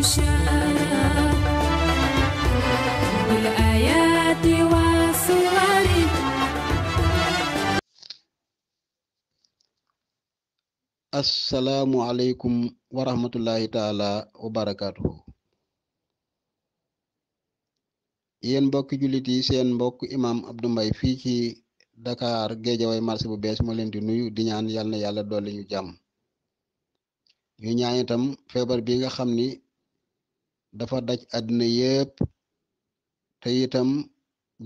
المشاة بالآيات والصور asalaamualeykum wa rahmatullahi taala wa barakaatuhu yéen mbokki jullit yi seen mbokk imam Abdou mbay fii ci Dakar Géejawaay marché bu bees moo leen di nuyu di ñaan yàlla na yàlla dolli ñu jàmm ñu itam feebar bi nga xam ni dafa daj àddina yépp te itam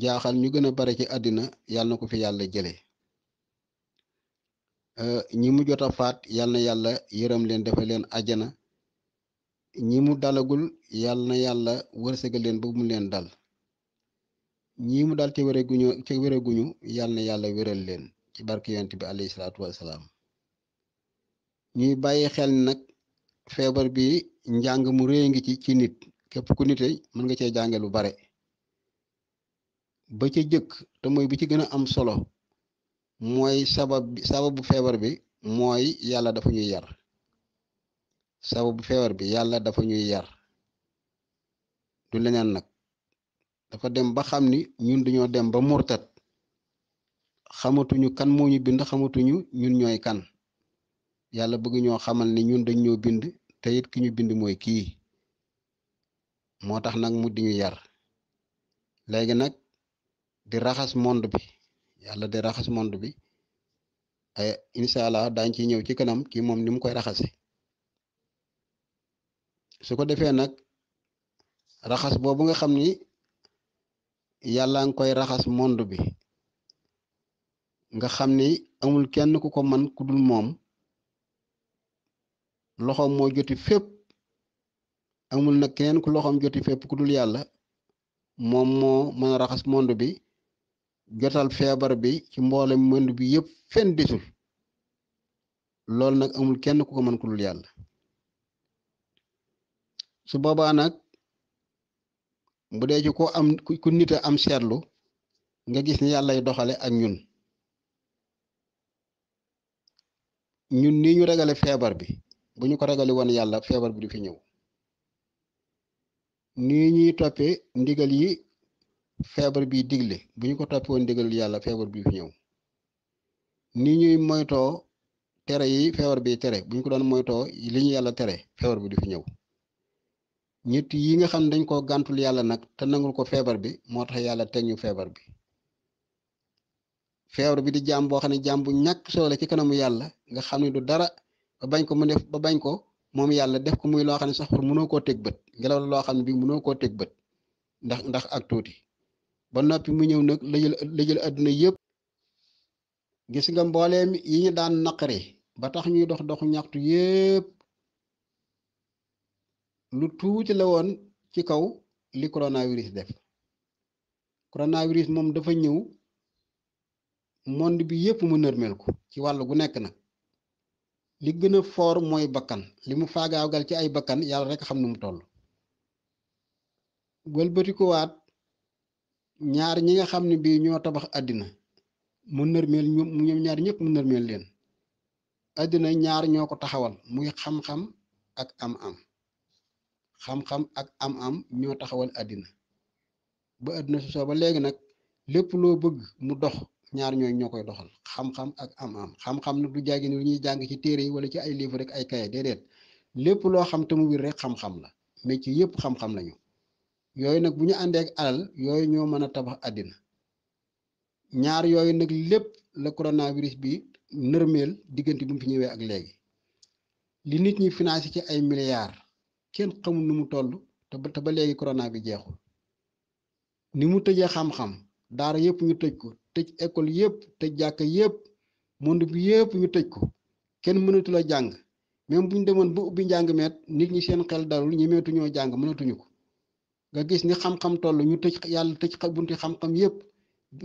jaaxal ñu gën a bare ci àddina yàlla na ko fi yàlla jële euh, ñi mu jot a faat yàlla na yàlla yërëm leen dafa leen ajjana ñi mu dalagul yàlla na yàlla wërsëgal leen ba mu leen dal ñii mu dal ci wéreguñu ci wéreguñu yàlla na yàlla wéral leen ci barke yonent bi alayhi salaatu wasalaam ñuy bàyyi xel nag feebar bi njàng mu rëy ngi ci ci nit képp ku nite mën nga cee jànge lu bare ba ca jëkk te mooy bi ci gën a am solo mooy sabab sababu feebar bi mooy yàlla dafa ñuy yar sababu feebar bi yàlla dafa ñuy yar du leneen nag dafa dem ba xam ni ñun dañoo dem ba murtat xamatuñu kan moo ñu bind xamatuñu ñun ñooy kan yàlla bëgg ñoo xamal ni ñun dañ ñoo bind te it ki ñu bind mooy kii moo tax nag mu di ñu yar léegi nag di raxas mond bi yàlla di raxas monde bi ay incha allah daañ ci ñëw ci kanam kii moom ni mu koy raxase su ko defee nag raxas boobu nga xam ni yàlla nga koy raxas monde bi nga xam ni amul kenn ku ko man ku dul moom loxoom moo joti fépp amul nag keneen ku loxoom joti fépp ku dul yàlla moom moo mën a raxas monde bi jotal feebar bi ci mboolem monde bi yëpp fenn desul loolu nag amul kenn ku ko mën ku dul yàlla su boobaa nag bu dee ci ko am ku nit am seetlu nga gis ni yàllay doxale ak ñun ñun ni ñu ragale feebar bi bu ñu ko ragali woon yàlla feebar bi du fi ñëw nii ñuy toppee ndigal yi feebar bi digle bu ko toppee woon yàlla feebar bi fi ñëw nii ñuy moytoo tere yi feebar bi tere bu ñu ko doon moytoo li ñu yàlla tere feebar bi du fi ñëw ñett yi nga xam dañ koo gàntul yàlla nag te nangul ko feebar bi moo tax yàlla teg ñu feebar bi feebar bi di jaam boo xam ne jaam bu ñàkk solo ci kanamu yàlla nga xam ne du dara ba bañ ko mu def ba bañ ko moom yàlla def ko muy loo xam ne sax pour mënoo koo teg bët ngelaw loo xam ne bii mënoo koo teg bët ndax ndax ak tuuti ba noppi mu ñëw nag la jël la jël yëpp gis nga mbooleem yi ñu daan naqari ba tax ñuy dox doxu ñaxtu yëpp lu tuuti la woon ci kaw li coronavirus def coronavirus moom dafa ñëw mond bi yëpp mu nërmeel ko ci wàll gu nekk na li gën a foor mooy bakkan li mu faagaagal ci ay bakkan yàlla rekk xam nu mu toll wëlbatikuwaat ñaar ñi nga xam ni bii ñoo tabax àddina mu nërmeel ñoom ñoom ñaar ñëpp mu nërmeel leen àddina ñaar ñoo ko taxawal muy xam-xam ak am-am xam-xam ak am-am ñoo taxawal àddina ba àddina sosoo ba léegi nag lépp loo bëgg mu dox ñaar ñooy ñoo koy doxal xam ak am-am xam-xam nag du lu ñuy jàng ci téere wala ci ay livre rek ay kaye lépp loo xam te mu wir rek xam la mais ci yëpp xam-xam yooyu nag bu ñu àndee ak yooyu ñoo mën a tabax àddina ñaar yooyu nag lépp la coronavirus bi nërmeel diggante bi mu fi ñëwee ak léegi li nit ñi financé ci ay milliards kenn xamul nu mu toll te ba ba léegi corona bi jeexul ni mu tëjee xam-xam daara yëpp ñu tëj ko tëj école yëpp tëj jàkka yëpp monde bi yëpp ñu tëj ko kenn mënatu la jàng même bu ñu demoon ba ubbi njàng meet nit ñi seen xel dalul ñemeetu ñoo jàng mënatuñu ko nga gis ni xam-xam toll ñu tëj yàlla tëj bunti xam-xam yëpp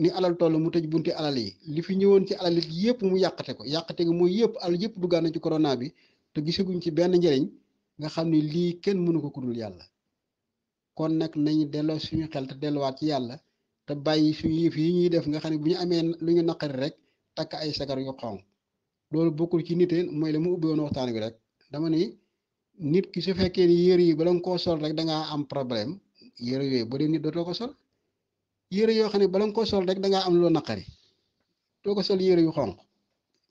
ni alal toll mu tëj bunti alal yi li fi ñëwoon ci alal yi yëpp mu yàqte ko yàqate gi mooy yëpp alal yëpp duggaan na ci corona bi te gisaguñ ci benn njëriñ nga xam ni lii kenn mënu ko dul yàlla kon nag nañu delloo suñu xel te delluwaat ci yàlla te bàyyi fi yi ñuy def nga xam ne bu ñu amee lu ñu naqari rek takk ay sagar yu xonq loolu bokkul ci nite mooy la mu ubbi waxtaan bi rek dama ni nit ki su fekkee ni yére yi bala koo sol rek da ngaa am problème yére yooyu ba dee nit dootoo ko sol yére yoo xam ne bala sol rek da am loo naqari too ko sol yére yu xonq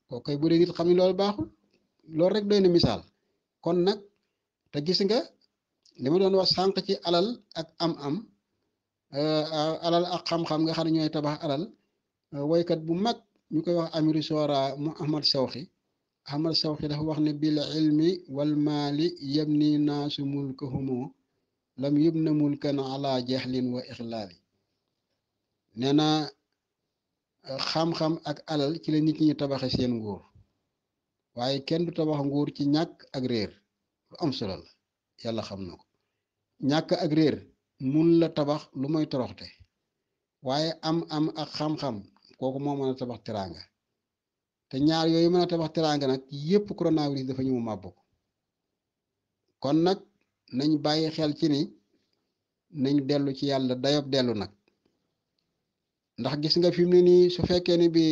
koo koy bu dee nit xam ne loolu baaxul loolu rek doy na misaal kon nag te gis nga li ma doon wax sànq ci alal ak am-am. Euh, alal ak xam-xam nga xam ne ñooy tabax alal euh, woykat bu mag ñu koy wax amiru sora mu ahmad sawxi ahmad sawxi dafa wax ne bil ilmi wal maali yabni naasu mulkahumoo lam yubna mulkan ala jahlin wa ixlaali nee na euh, xam-xam ak alal ci la nit ñi tabaxee seen nguur waaye kenn du tabax nguur ci ñàkk ak réer lu am solo la yàlla xam na ko ñàkk ak réer mun la tabax lu mooy toroxte waaye am am ak xam-xam kooku moo mën a tabax teraanga te ñaar yooyu mën a tabax teraanga nag yépp coronavirus dafa ñëw màbb ko kon nag nañ bàyyi xel ci ni nañ dellu ci yàlla dayob dellu nag ndax gis nga fi mu ne nii su fekkee ni bi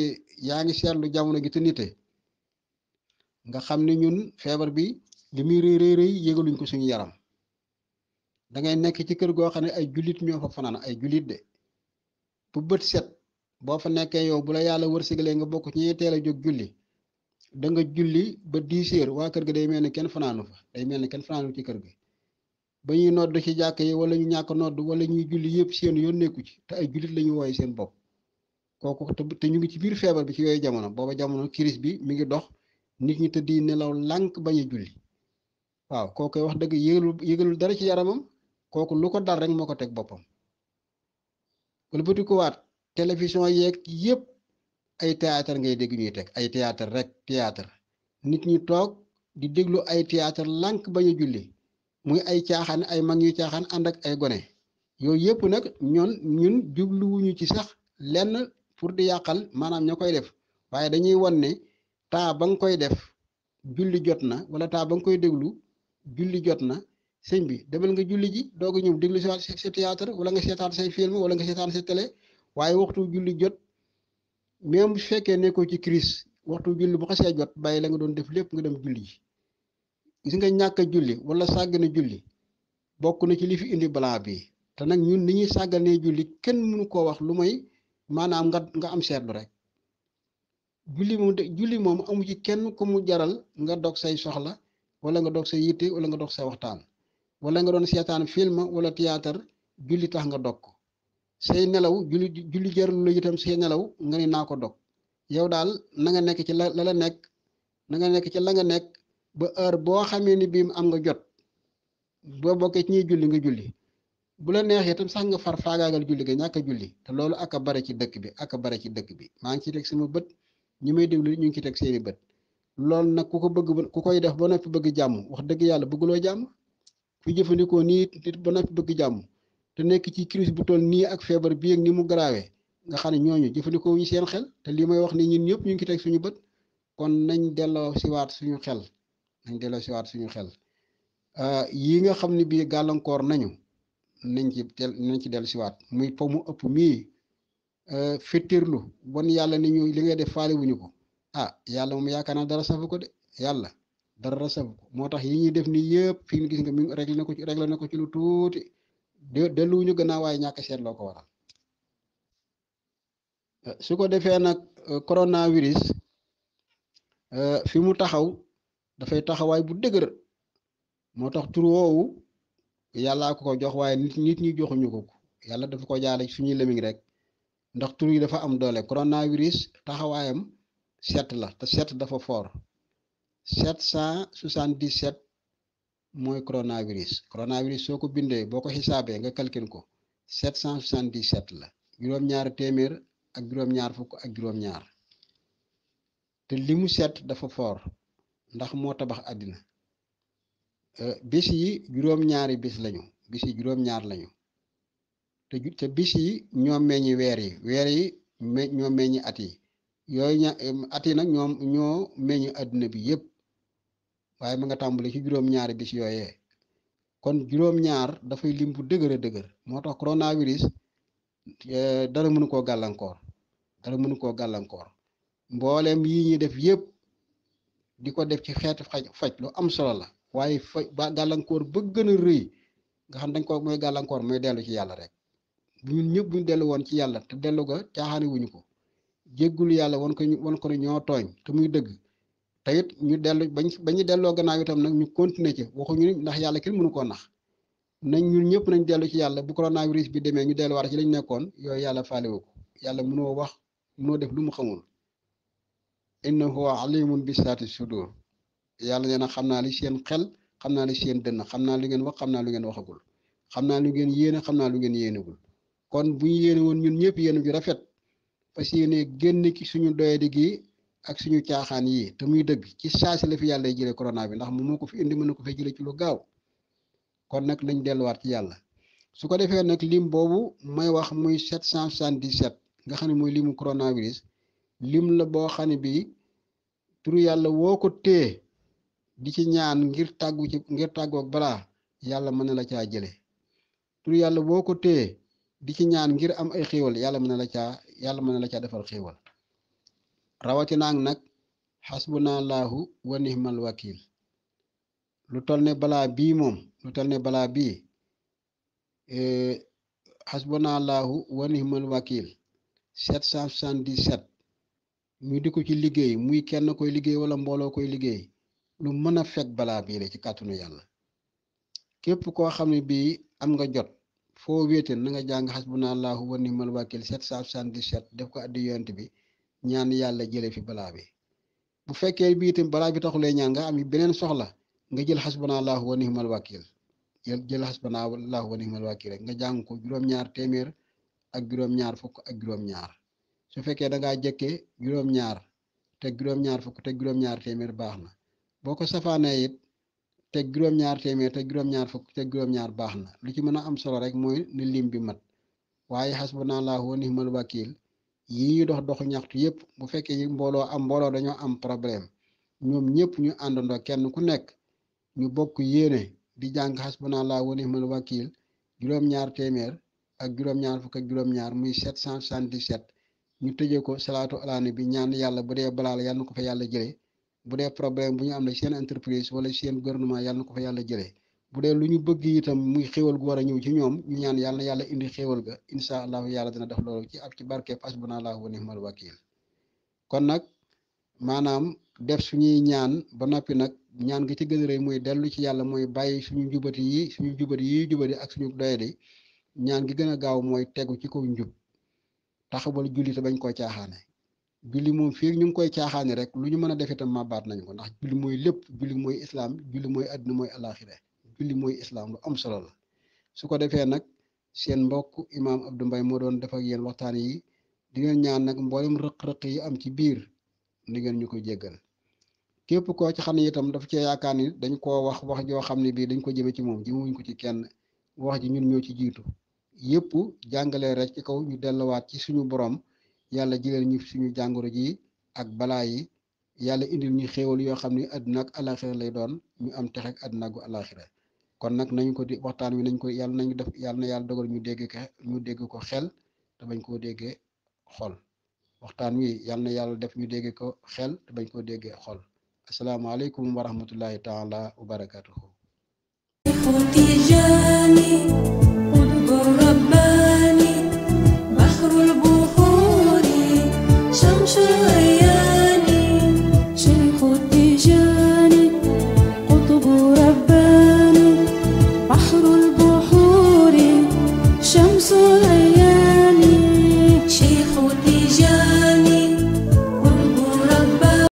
yaa ngi seetlu jamono gi te nite nga xam ni ñun feebar bi li muy rëy rëy yëgaluñ ko suñu yaram da ngay nekk ci kër goo xam ne ay jullit ñoo fa fanaan ay jullit de bu bët set boo fa nekkee yow bu la yàlla wërsëgalee nga bokk ci ñuy teel a jóg julli da nga julli ba dix heures waa kër ga day mel ni kenn fanaanu fa day mel ni kenn fanaanu ci kër gi ba ñuy nodd ci jàkk yi wala ñu ñàkk nodd wala ñuy julli yëpp seen yoon nekku ci te ay jullit la ñu wooye seen bopp kooku te ñu ngi ci biir feebar bi ci yooyu jamono booba jamono crise bi mu ngi dox nit ñi te di nelaw lànk bañ a julli waaw kooku kooku lu ko dal rek moo ko teg boppam wëlbatikuwaat télévision yeeg yépp ay théâtre ngay dégg ñuy teg ay théâtre rek théâtre nit ñi toog di déglu ay théâtre lànk ba a julli muy ay caaxaan ay mag yu caaxaan ànd ak ay gone yooyu yépp nag ñoon ñun jubluwuñu ci sax lenn pour di yàqal maanaam ña koy def waaye dañuy wan ne taa ba nga koy def julli jot na wala taa ba nga koy déglu julli jot na sëñ bi demal nga julli ji doog ñëw déglu si sa théâtre wala nga seetaan say film wala nga seetaan sa tele waaye waxtu julli jot même bu fekkee nekkoo ci crise waxtu julli bu xasee jot bàyyi la nga doon def lépp nga dem julli ji ñàkk a julli wala sàggane julli bokk na ci li indi balaa bi te nag ñun ni sàgganee julli kenn mënu koo wax lu may maanaam nga nga am seetlu rek julli moom de julli moom amu ci kenn ko mu jaral nga dog say soxla wala nga dog say yitte wala nga dog say waxtaan. wala nga doon seetaan film wala théâtre julli tax nga dog ko say nelaw julli julli jarul la itam say nelaw nga ni naa ko dog yow daal na nga nekk ci la la la nekk na nga nekk ci la nga nekk ba heure boo xamee ni bii mu am nga jot boo bokkee ci ñuy julli nga julli bu la neexee itam sax nga far faagaagal julli nga ñàkk a julli te loolu ak a bare ci dëkk bi aka a bare ci dëkk bi maa ngi ciy teg sama bët ñi may déglu ñu ngi ci teg seeni bët loolu nag ku ko bëgg ku koy def ba noppi bëgg jàmm wax dëgg yàlla bëgguloo jàmm ki jëfandikoo nii nit ba noppi bëgg jàmm te nekk ci crise bu toll nii ak feebar bi ak ni mu garaawee nga xam ne ñooñu jëfandikoo wuñu seen xel te li may wax ni ñun ñëpp ñu ngi ci teg suñu bët kon nañ delloo siwaat suñu xel nañ delloo siwaat suñu xel ah, yi nga xam ni bii gàllankoor nañu nañ ci del ci dellu siwaat muy po mu ëpp mii ah, fettirlu bon yàlla ni ñu li ngay def faale wuñu ko ah yàlla moom yaakaar naa dara safu ko de yàlla dara sabu moo tax yi ñuy def nii yëpp fi gis nga mi réglé na ko ci réglé na ko ci lu tuuti delluwuñu gannaaw waaye ñàkk seet loo ko waral euh, su ko defee nag euh, coronavirus euh, fi mu taxaw dafay taxawaay bu dëgër moo tax tur woowu yàllaa ko ko jox waaye nit nit ñi joxuñu ko yàlla dafa ko jaale suñuy lëmiñ rek ndax tur yi dafa am doole coronavirus taxawaayam seet la te seet dafa foor 777 mooy coronavirus coronavirus soo ko bindee boo ko xisaabee nga calcule ko 777 la juróom-ñaar téeméer ak juróom-ñaar fukk ak juróom-ñaar te li mu set dafa foor ndax moo tabax àddina euh, bis yi juróom-ñaari bis lañu bis yi juróom-ñaar lañu te te bis yi ñoo meññi weer yi weer yi ñoo meññi at yi yooyu ña at nag ñoom ñoo meññi àddina bi yépp waaye mu nga tàmbali ci juróom-ñaari bis yooyee kon juróom-ñaar dafay lim bu dëgër a dëgër moo tax coronavirus eh, dara mënu koo gàllankoor dara mënu koo gàllankoor mbooleem yi ñuy def yépp di ko def ci xeetu faj faj lu am solo la waaye faj ba gàllankoor ba gën a rëy nga xam dañ ko mooy gàllankoor mooy dellu ci yàlla rek ñun ñëpp buñ dellu woon ci yàlla te dellu ga caaxaane wuñu ko jéggulu yàlla wan ko won ko ne ñoo tooñ te muy dëgg te it ñu dellu bañ bañu delloo gannaaw itam nag ñu continuer ci waxuñu ndax yàlla kenn mënu koo nax nañ ñun ñëpp nañ dellu ci yàlla bu coronavirus bi demee ñu delluwaat ci lañ nekkoon yooyu yàlla faalewu ko yàlla mënoo wax mënoo def lu mu xamul innahu alimun bi saati sudur yàlla nee na xam naa li seen xel xam naa li seen dënn xam naa lu ngeen wax xam naa lu ngeen waxagul xam naa lu ngeen yéene xam naa lu ngeen yéenegul kon bu ñu yéene woon ñun ñëpp yéene rafet parce ak suñu caaxaan yi te muy dëgg ci saasi la fi yàlla jëlee corona bi ndax mu moo ko fi indi mën na ko fee jëlee ci lu gaaw kon nag nañ delluwaat ci yàlla su ko defee nag lim boobu may wax muy 777 nga xam ne mooy limu coronavirus lim la boo xam ne bii turu yàlla woo ko téye di ci ñaan ngir tàggu ci ngir tàggoo ak balaa yàlla mën na la caa jëlee turu yàlla woo ko téye di ci ñaan ngir am ay xéewal yàlla mën na la caa yàlla mën na la caa defal xéewal. rawatinaak nag xasbunaa laaxu wa nihmal wakiil lu toll ne balaa bii moom lu toll ne balaa bii xasbunaa e, laahu wa nihmal wakiil 777 ñu di ko ci liggéey muy kenn koy liggéey wala mbooloo koy liggéey lu mën a fekk balaa bii la ci kàttanu yàlla képp koo xam ni bii am nga jot foo wéete na nga jàng xasbunaa laahu wa nihmal wakiil 777 def ko addi yonent bi ñaan yàlla jële fi balaa bi bu fekkee bi itam balaa bi taxulee ñaan nga am beneen soxla nga jël xas xasbana allahu wa nihmal wakil jël jël xasbana allahu wa nihmal wakil rek nga jàng ko juróom-ñaar téeméer ak juróom-ñaar fukk ak juróom-ñaar su fekkee da jëkkee juróom-ñaar teg fukk teg juróom-ñaar baax na boo ko safaanee it teg juróom-ñaar téeméer teg juróom-ñaar baax na lu ci mën a am solo rek mooy ne lim bi mat waaye xasbana allahu wa nihmal wakil yii dox doxu ñaxtu yëpp bu fekkee mbooloo am mbooloo dañoo am problème ñoom ñëpp ñu àndandoo kenn ku nekk ñu bokk yéene di bu jàng hasbunallah wa ni'mal wakiil juróom-ñaar téeméer ak juróom-ñaar fukk ak juróom-ñaar muy 777 ñu tëjee ko salaatu alaane bi ñaan yàlla bu dee balaal yàlla na ko fa yàlla jële bu dee problème bu ñu am la seen entreprise wala seen gouvernement yàlla na ko fa yàlla jëlee. bu dee lu ñu bëgg itam muy xéwal gu war a ñëw ci ñoom ñu ñaan yàlla yàlla indi xéwal ga incha allahu yàlla dina def loolu ci ak ci barke barkeeb asbunallahu wa nihmal wakil kon nag maanaam def suñuy ñaan ba noppi nag ñaan gi ci gën a rëy muy dellu ci yàlla mooy bàyyi suñu jubati yi suñu jubati yi jubati ak suñu doyadi ñaan gi gën a gaaw mooy tegu ci kaw njub taxawal julli te bañ koo caaxaane julli moom fii ñu ngi koy caaxaane rek lu ñu mën a def itam màbbaat nañ ko ndax julli mooy lépp julli mooy islaam julli mooy àdduna mooy alaxira julli mooy islaam lu am solo la su ko defee nag seen mbokk imaam Abdou mbay moo doon def ak yéen waxtaan yi di ngeen ñaan nag mboolem rëq-rëq yi am ci biir ni ngeen ñu ko jéggal képp koo ci xam ne itam dafa cee yaakaar ni dañ koo wax wax joo xam ne bii dañ ko jëme ci moom jëmewuñ ko ci kenn wax ji ñun ñoo ci jiitu yëpp jàngale rek ci kaw ñu delluwaat ci suñu borom yàlla jëlal ñu suñu jàngoro ji ak balaa yi yàlla indil ñu xéewal yoo xam ne àdduna ak lay doon ñu am texek àdduna gu alaxira kon nag nañu ko di waxtaan wi nañ ko yàlla nañu def yàlla na yàlla dogal ñu dégg ko ñu dégg ko xel te bañ koo déggee xool waxtaan wi yal na yàlla def ñu dégg ko xel te bañ koo déggee xol asalaamaaleykum wa rahmatullahi taala wa barakatuhu